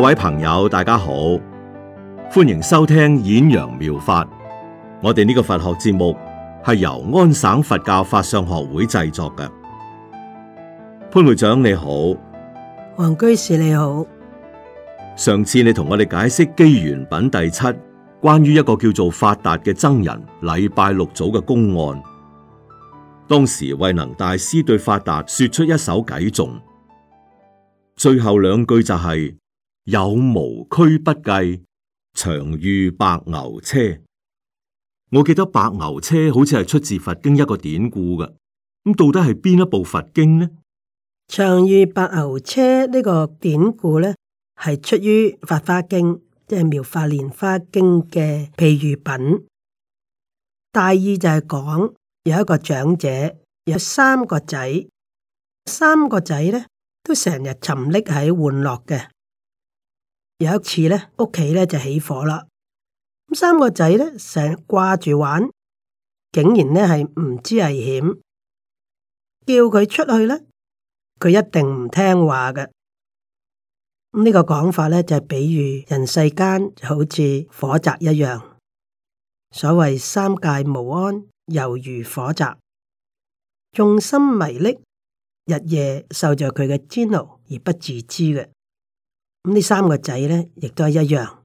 各位朋友，大家好，歡迎收聽演揚妙，妙法。我哋呢個佛學節目係由安省佛教法相學會製作嘅。潘會長你好，黃居士你好。上次你同我哋解釋《機緣品》第七，關於一個叫做法達嘅僧人禮拜六祖嘅公案。當時慧能大師對法達說出一首偈頌，最後兩句就係、是。有無區不計，長遇白牛車。我記得白牛車好似係出自佛經一個典故嘅，咁到底係邊一部佛經呢？長遇白牛車呢個典故咧，係出於《法華經》，即係《妙法蓮花經》嘅譬喻品。大意就係講有一個長者有三個仔，三個仔咧都成日沉溺喺玩樂嘅。有一次咧，屋企咧就起火啦。咁三個仔咧成日掛住玩，竟然咧係唔知危險。叫佢出去咧，佢一定唔聽話嘅。這個、呢個講法咧就係、是、比喻人世間好似火宅一樣，所謂三界無安，猶如火宅。眾心迷溺，日夜受着佢嘅煎熬而不自知嘅。咁呢三個仔呢，亦都係一樣。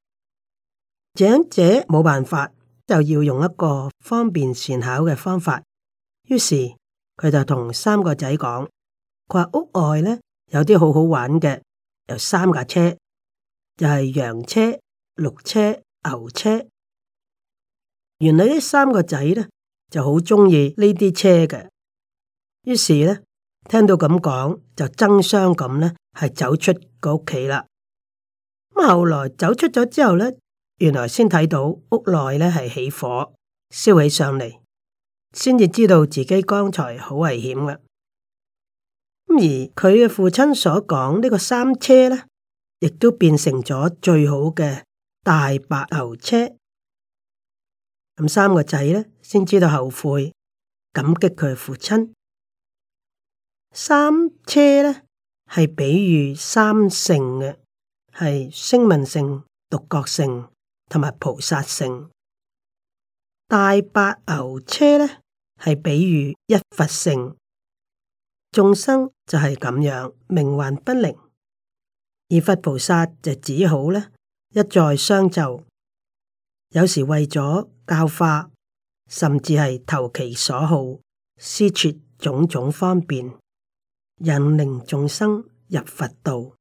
長者冇辦法，就要用一個方便善巧嘅方法。於是佢就同三個仔講，佢話屋外呢，有啲好好玩嘅，有三架車，就係、是、羊車、鹿車、牛車。原來呢三個仔呢，就好鍾意呢啲車嘅。於是呢，聽到咁講，就爭相咁呢，係走出個屋企啦。咁後來走出咗之後呢，原來先睇到屋內咧係起火，燒起上嚟，先至知道自己剛才好危險㗎。而佢嘅父親所講呢個三車呢，亦都變成咗最好嘅大白牛車。咁三個仔呢，先知道後悔，感激佢父親。三車呢，係比喻三乘嘅。係聲聞性、獨覺性同埋菩薩性，大白牛車呢，係比喻一佛性，眾生就係咁樣冥頑不靈，而佛菩薩就只好呢，一再相就，有時為咗教化，甚至係投其所好，施設種種方便，引領眾生入佛道。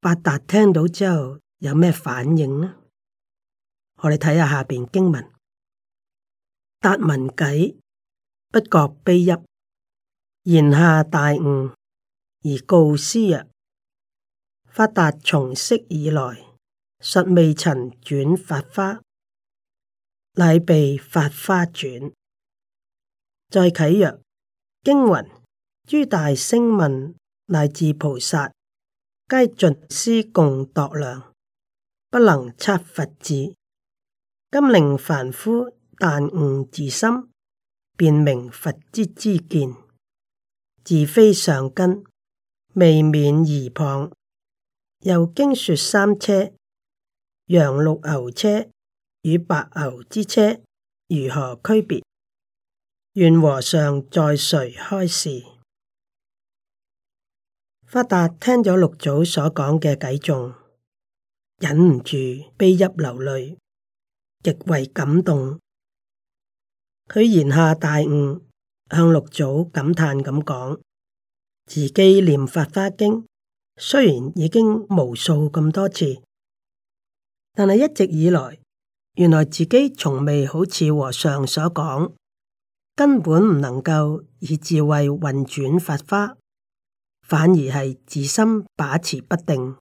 八達聽到之後有咩反應呢？我哋睇下下邊經文：達聞偈，不覺悲泣，言下大悟，而告師曰：法達從昔以來，實未曾轉法花，乃被法花轉。再啟曰：經云，諸大聲聞乃至菩薩。皆盡思共度量，不能測佛智。今令凡夫但悟自心，便明佛之知見，自非上根，未免疑謗。又經說三車、羊鹿牛車與白牛之車如何區別？願和尚在誰開示？法達聽咗六祖所講嘅偈頌，忍唔住悲泣流淚，極為感動。佢言下大悟，向六祖感嘆咁講：自己念法華經，雖然已經無數咁多次，但係一直以來，原來自己從未好似和尚所講，根本唔能夠以智慧運轉法華。反而係自身把持不定，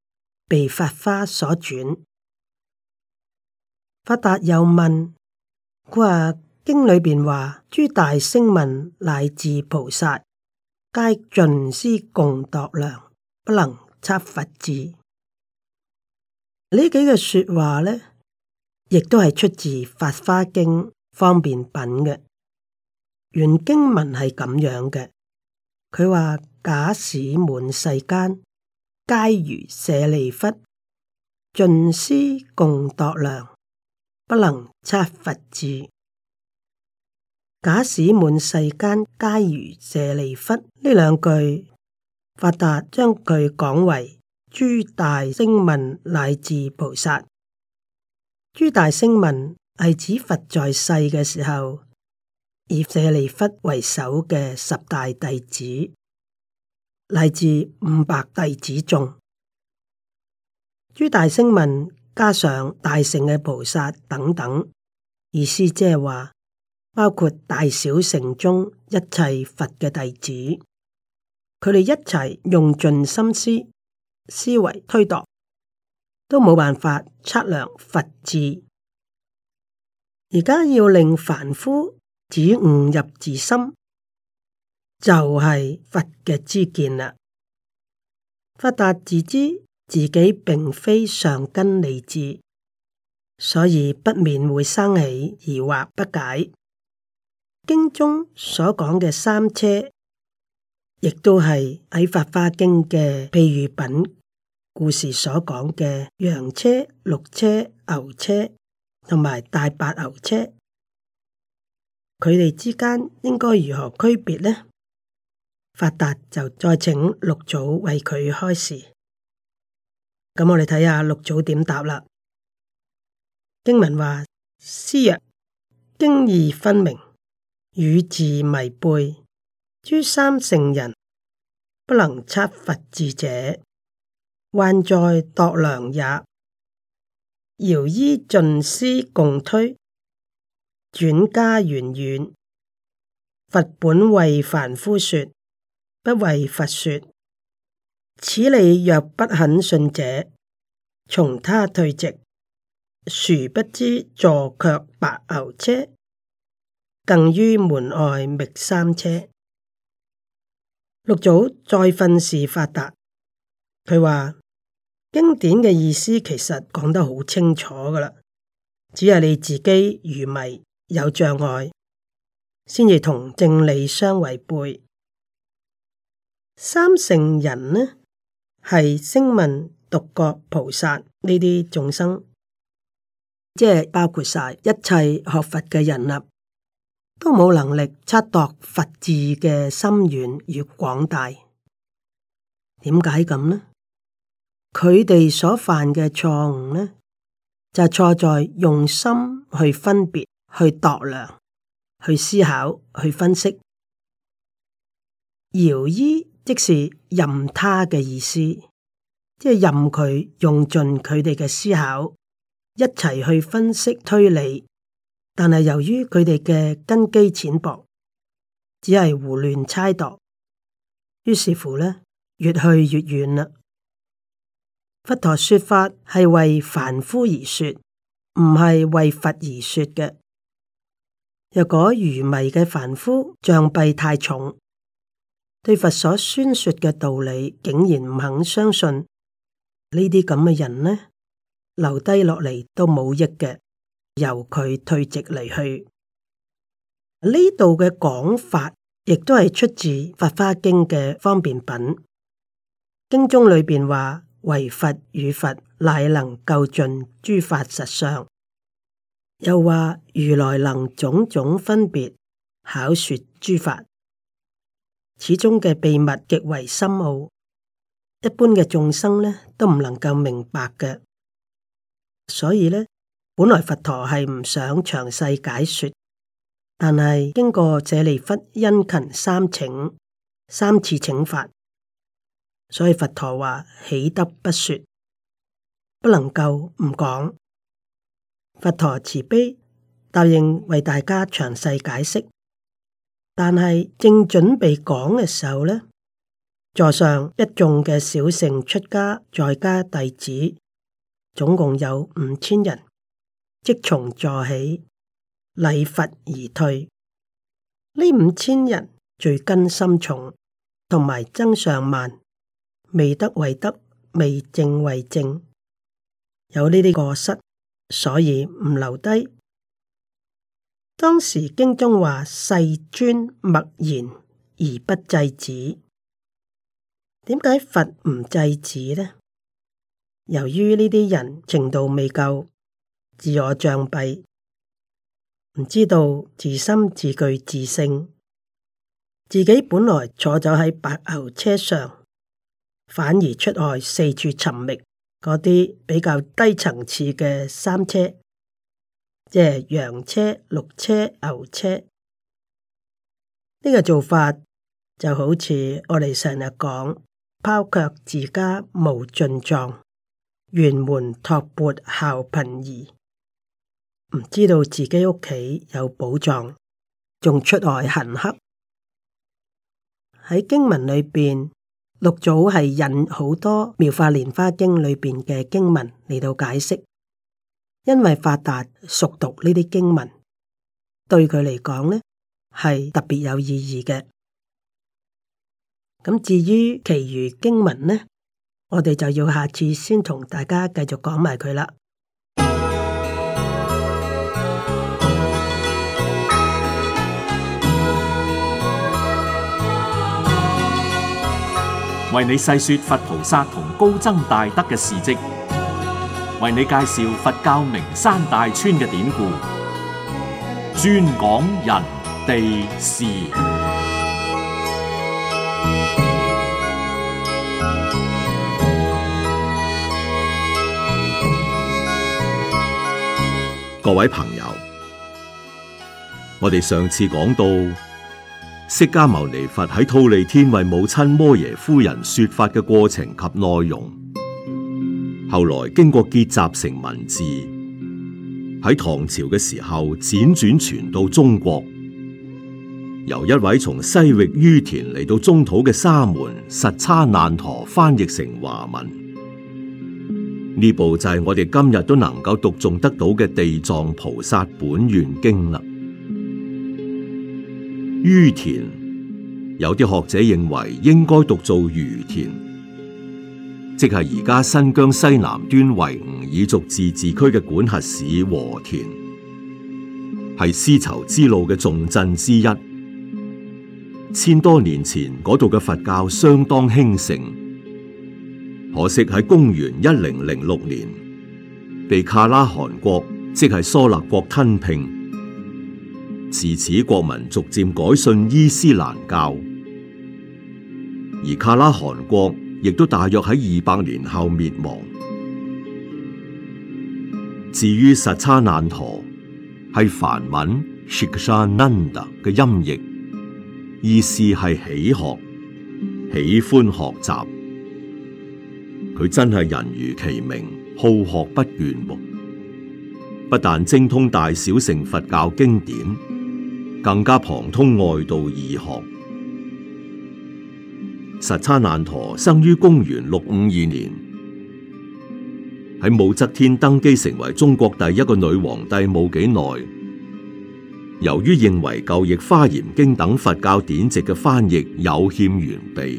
被法花所轉。法達又問：佢話經裏邊話諸大聲聞乃至菩薩，皆盡思共度量，不能測佛智。呢幾個說話呢，亦都係出自《法花經方便品》嘅原經文係咁樣嘅。佢話。假使滿世間皆如舍利弗，盡思共度量，不能測佛智。假使滿世間皆如舍利弗，呢兩句，法達將佢講為諸大聲聞乃至菩薩，諸大聲聞係指佛在世嘅時候，以舍利弗為首嘅十大弟子。來自五百弟子眾，諸大聲聞加上大乘嘅菩薩等等，意思即係話，包括大小乘中一切佛嘅弟子，佢哋一齊用盡心思思維推度，都冇辦法測量佛智。而家要令凡夫只誤入自心。就係佛嘅知見啦。佛達自知自己並非上根利智，所以不免會生起疑惑不解。經中所講嘅三車，亦都係喺《法花經》嘅譬喻品故事所講嘅羊車、鹿車、牛車同埋大白牛車，佢哋之間應該如何區別呢？發達就再請六祖為佢開示，咁我哋睇下六祖點答啦。經文話：師曰，經義分明，語字迷背，諸三乘人不能測佛智者，患在度量也。饒伊盡思共推轉加懸遠，佛本為凡夫說。不為佛說，此理若不肯信者，從他退席。殊不知坐卻白牛車，更於門外覓三車。六祖再訓示法達，佢話經典嘅意思其實講得好清楚㗎喇，只係你自己愚迷有障礙，先至同正理相違背。三乘人呢，係聲聞、獨覺、菩薩呢啲眾生，即係包括晒一切學佛嘅人啦，都冇能力測度佛智嘅深遠與廣大。點解咁呢？佢哋所犯嘅錯誤呢，就錯在用心去分別、去度量、去思考、去分析，由於。即是任他嘅意思，即係任佢用盡佢哋嘅思考，一齊去分析推理。但係由於佢哋嘅根基淺薄，只係胡亂猜度，於是乎呢越去越遠啦。佛陀說法係為凡夫而說，唔係為佛而說嘅。若果愚迷嘅凡夫障蔽太重。對佛所宣說嘅道理竟然唔肯相信，呢啲咁嘅人呢，留低落嚟都冇益嘅，由佢退席離去。呢度嘅講法亦都係出自《法華經》嘅方便品。經中裏邊話：為佛與佛乃能究盡諸法實相，又話如來能種種分別巧說諸法。始終嘅秘密極為深奧，一般嘅眾生呢都唔能夠明白嘅，所以呢，本來佛陀係唔想詳細解說，但係經過舍利弗殷勤三請，三次請法，所以佛陀話起得不說，不能夠唔講。佛陀慈悲答應為大家詳細解釋。但係正準備講嘅時候呢，座上一眾嘅小乘出家在家弟子，總共有五千人，即從座起，禮佛而退。呢五千人，罪根深重，同埋增上慢，未得為得，未正為正，有呢啲過失，所以唔留低。當時經中話世尊默然而不制止，點解佛唔制止呢？由於呢啲人程度未夠，自我障蔽，唔知道自心自具自性，自己本來坐咗喺白牛車上，反而出外四處尋覓嗰啲比較低層次嘅三車。即係羊車、鹿車、牛車，呢、這個做法就好似我哋成日講，拋卻自家無盡藏，沿門托缽效貧兒，唔知道自己屋企有寶藏，仲出外行乞。喺經文裏邊，六祖係引好多妙法蓮花經裏邊嘅經文嚟到解釋。因為發達熟讀呢啲經文，對佢嚟講呢係特別有意義嘅。咁至於其餘經文呢，我哋就要下次先同大家繼續講埋佢啦。為你細說佛菩薩同高僧大德嘅事跡。為你介紹佛教名山大川嘅典故，專講人地事。各位朋友，我哋上次講到釋迦牟尼佛喺忉利天為母親摩耶夫人說法嘅過程及內容。後來經過結集成文字，喺唐朝嘅時候輾轉傳到中國，由一位從西域于闐嚟到中土嘅沙門實叉難陀翻譯成華文。呢部就係我哋今日都能夠讀誦得到嘅《地藏菩薩本願經》啦。于闐，有啲學者認為應該讀做于田」。即係而家新疆西南端維吾爾族自治區嘅管轄市和田，係絲綢之路嘅重鎮之一。千多年前嗰度嘅佛教相當興盛，可惜喺公元一零零六年被卡拉汗國，即係蘇勒國吞併。自此，國民逐漸改信伊斯蘭教，而卡拉汗國，亦都大約喺二百年後滅亡。至於實叉難陀，係梵文 shikshananda 嘅音譯，意思係喜學、喜歡學習。佢真係人如其名，好學不倦，不但精通大小乘佛教經典，更加旁通外道異學。實叉難陀生於公元六五二年，喺武則天登基成為中國第一個女皇帝冇幾耐，由於認為舊譯《華嚴經》等佛教典籍嘅翻譯有欠完備，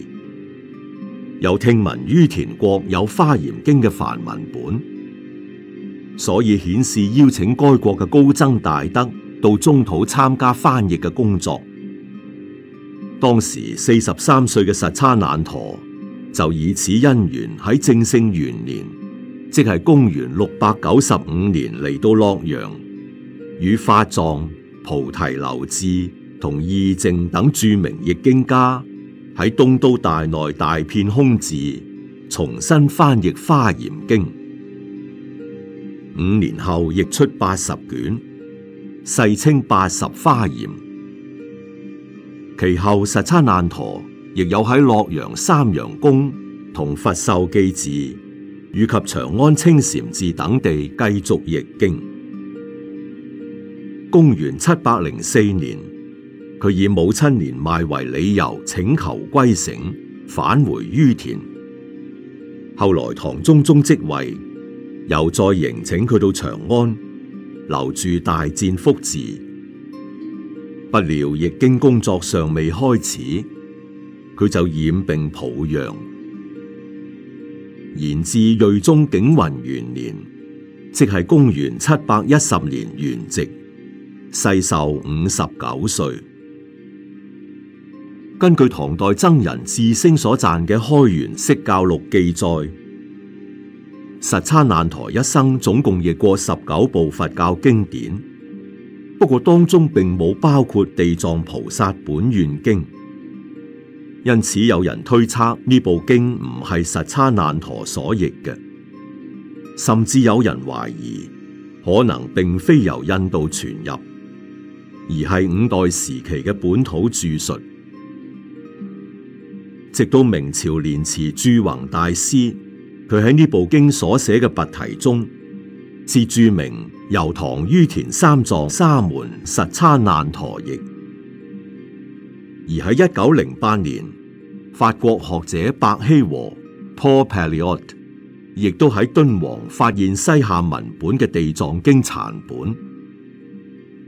有聽聞于闐國有《華嚴經》嘅梵文本，所以遣使邀請該國嘅高僧大德到中土參加翻譯嘅工作。當時四十三歲嘅實叉難陀就以此因緣喺證聖元年，即係公元六百九十五年嚟到洛陽，與法藏、菩提流志、同義淨等著名譯經家喺東都大內大遍空寺重新翻譯《華嚴經》，五年後譯出八十卷，世稱八十華嚴。其後實叉難陀亦有喺洛陽三陽宮、同佛授記寺以及長安清禪寺等地繼續譯經。公元七百零四年，佢以母親年邁為理由請求歸省，返回于田。後來唐中宗即位，又再迎請佢到長安，留住大薦福寺。不料，譯經工作尚未開始，佢就染病抱恙。延至睿宗景雲元年，即係公元七百一十年，圓寂，世壽五十九歲。根據唐代僧人智升所撰嘅《開元釋教錄》記載，實叉難陀一生總共譯過十九部佛教經典。不過當中並冇包括地藏菩薩本願經，因此有人推測呢部經唔係實叉難陀所譯嘅，甚至有人懷疑可能並非由印度傳入，而係五代時期嘅本土著述。直到明朝蓮池袾宏大師佢喺呢部經所寫嘅跋題中是著名。由唐于闐三藏沙門實叉難陀譯，而喺一九零八年，法國學者白希和 Paul Pelliot 亦都喺敦煌發現西夏文本嘅《地藏經》殘本，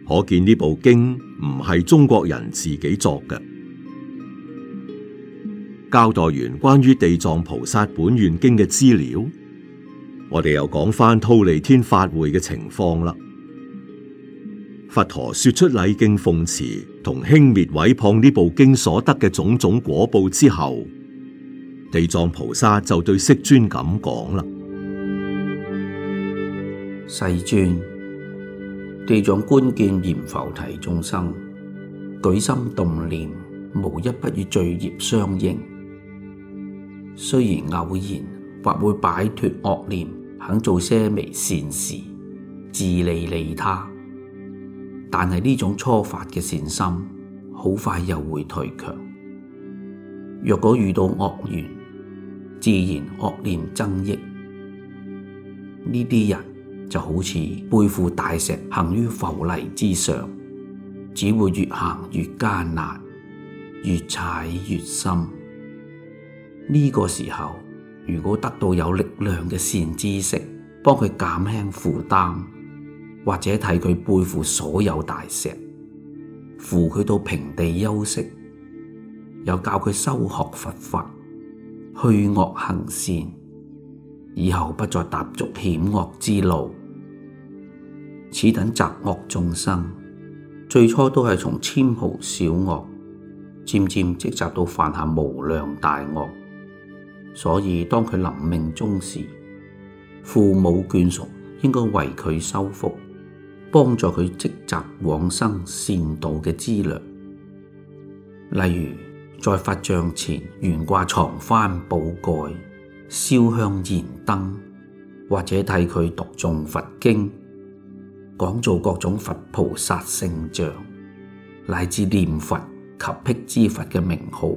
可見呢部經唔係中國人自己作嘅。交代完關於《地藏菩薩本願經》嘅資料。我哋又講返「忉利天法會嘅情況啦。佛陀說出禮敬奉持同輕蔑毀謗呢部經所得嘅種種果報之後，地藏菩薩就對釋尊咁講啦：世尊，地藏觀見閻浮提眾生舉心動念，無一不與罪孽相應，雖然偶然或會擺脫惡念。肯做些微善事，自利利他，但係呢種初發嘅善心，好快又會退卻。若果遇到惡緣，自然惡念增益，呢啲人就好似背負大石行於浮泥之上，只會越行越艱難，越踩越深。呢、這個時候。如果得到有力量嘅善知識，幫佢減輕負擔，或者替佢背負所有大石，扶佢到平地休息，又教佢修學佛法，去惡行善，以後不再踏足險惡之路。此等雜惡眾生，最初都係從纖毫小惡，漸漸積集到犯下無量大惡。所以，當佢臨命終時，父母眷屬應該為佢修福，幫助佢積集往生善道嘅資糧。例如，在佛像前懸掛幢幡、寶蓋、燒香、燃燈，或者替佢讀誦佛經，講做各種佛菩薩聖像乃至念佛及辟支佛嘅名號。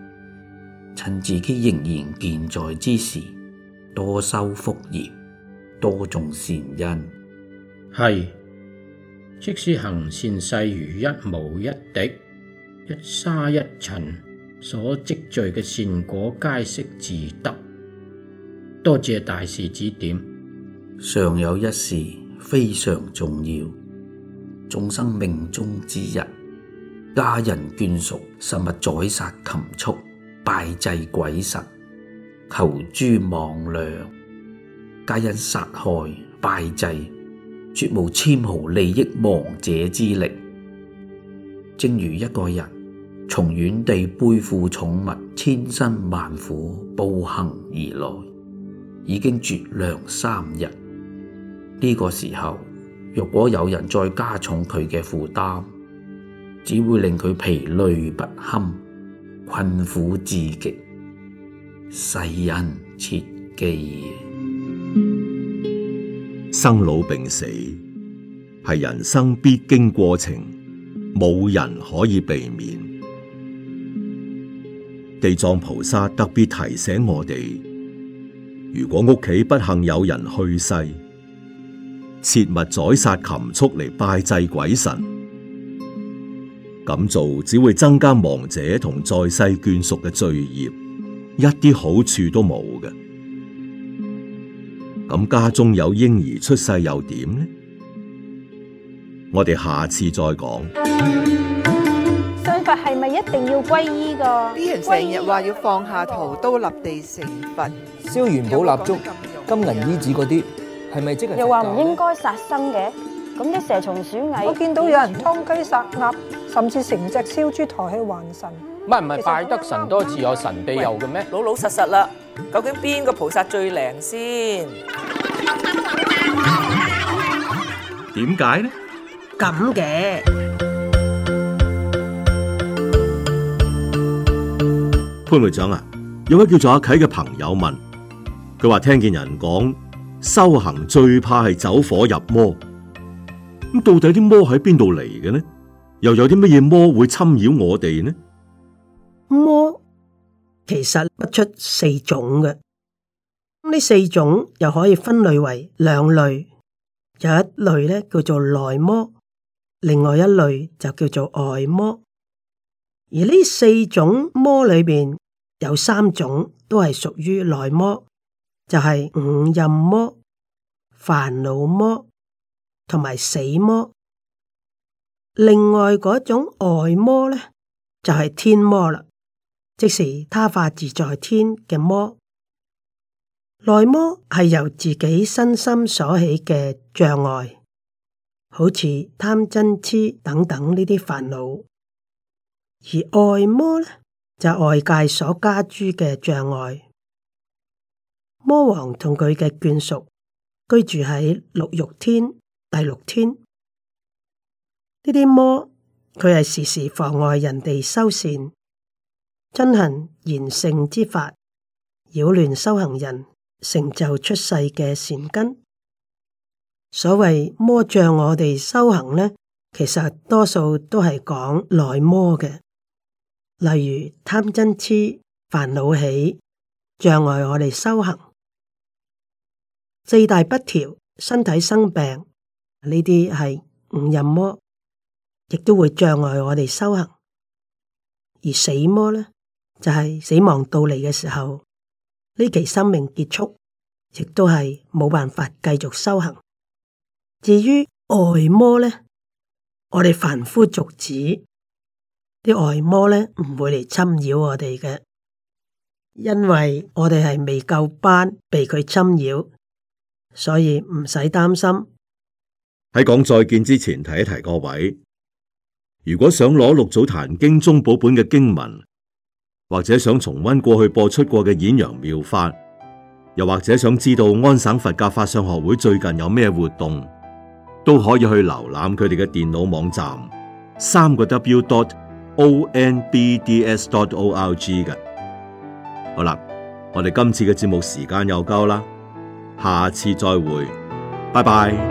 趁自己仍然健在之時，多修福業，多種善因。係，即使行善細如一毛一滴、一沙一塵，所積聚嘅善果皆悉自得。多謝大師指點。尚有一事非常重要，眾生命中之日，家人眷屬慎勿宰殺禽畜。拜祭鬼神，求諸魍魎，皆因殺害拜祭，絕無絲毫利益亡者之力。正如一個人從遠地背負重物，千辛萬苦步行而來，已經絕糧三日。呢、這個時候，若果有人再加重佢嘅負擔，只會令佢疲累不堪。困苦至極，世人切記。生老病死係人生必經過程，冇人可以避免。地藏菩薩特別提醒我哋，如果屋企不幸有人去世，切勿宰殺禽畜嚟拜祭鬼神。咁做只會增加亡者同在世眷屬嘅罪孽，一啲好處都冇嘅。咁家中有嬰兒出世又點呢？我哋下次再講。修法係咪一定要皈依噶？啲人成日話要放下屠刀立地成佛，燒元寶蠟燭、有有金銀衣紙嗰啲，係咪、嗯、即係？又話唔應該殺生嘅。咁啲蛇蟲鼠蟻，我見到有人殺雞殺鴨。嗯嗯甚至成隻燒豬抬去還神，唔係唔係拜得神多自有神庇佑嘅咩？老老實實啦，究竟邊個菩薩最靈先？點解呢？咁嘅潘會長啊，有位叫做阿啟嘅朋友問，佢話聽見人講修行最怕係走火入魔，咁到底啲魔喺邊度嚟嘅呢？又有啲乜嘢魔會侵擾我哋呢？魔其實不出四種嘅，呢四種又可以分類為兩類，有一類咧叫做內魔，另外一類就叫做外魔。而呢四種魔裏邊有三種都係屬於內魔，就係五蘊魔、煩惱魔同埋死魔。另外嗰種外魔咧，就係、是、天魔啦，即是他化自在天嘅魔。內魔係由自己身心所起嘅障礙，好似貪嗔痴等等呢啲煩惱。而外魔咧，就是、外界所加諸嘅障礙。魔王同佢嘅眷屬居住喺六欲天、第六天。呢啲魔佢係時時妨礙人哋修善、進行言聖之法、擾亂修行人成就出世嘅善根。所謂魔障我哋修行呢，其實多數都係講內魔嘅，例如貪嗔痴、煩惱起，障礙我哋修行；四大不調，身體生病，呢啲係五陰魔。亦都會障礙我哋修行，而死魔咧就係死亡到嚟嘅時候，呢期生命結束，亦都係冇辦法繼續修行。至於外魔咧，我哋凡夫俗子啲外魔咧唔會嚟侵擾我哋嘅，因為我哋係未夠班被佢侵擾，所以唔使擔心。喺講再見之前，提一提各位。如果想攞《六祖壇經》中寶本嘅經文，或者想重溫過去播出過嘅演陽妙法，又或者想知道安省佛教法相學會最近有咩活動，都可以去瀏覽佢哋嘅電腦網站，三個 W dot O N B D S dot O R G 嘅。好啦，我哋今次嘅節目時間又夠啦，下次再會，拜拜。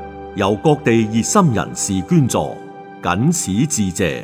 由各地熱心人士捐助，謹此致謝。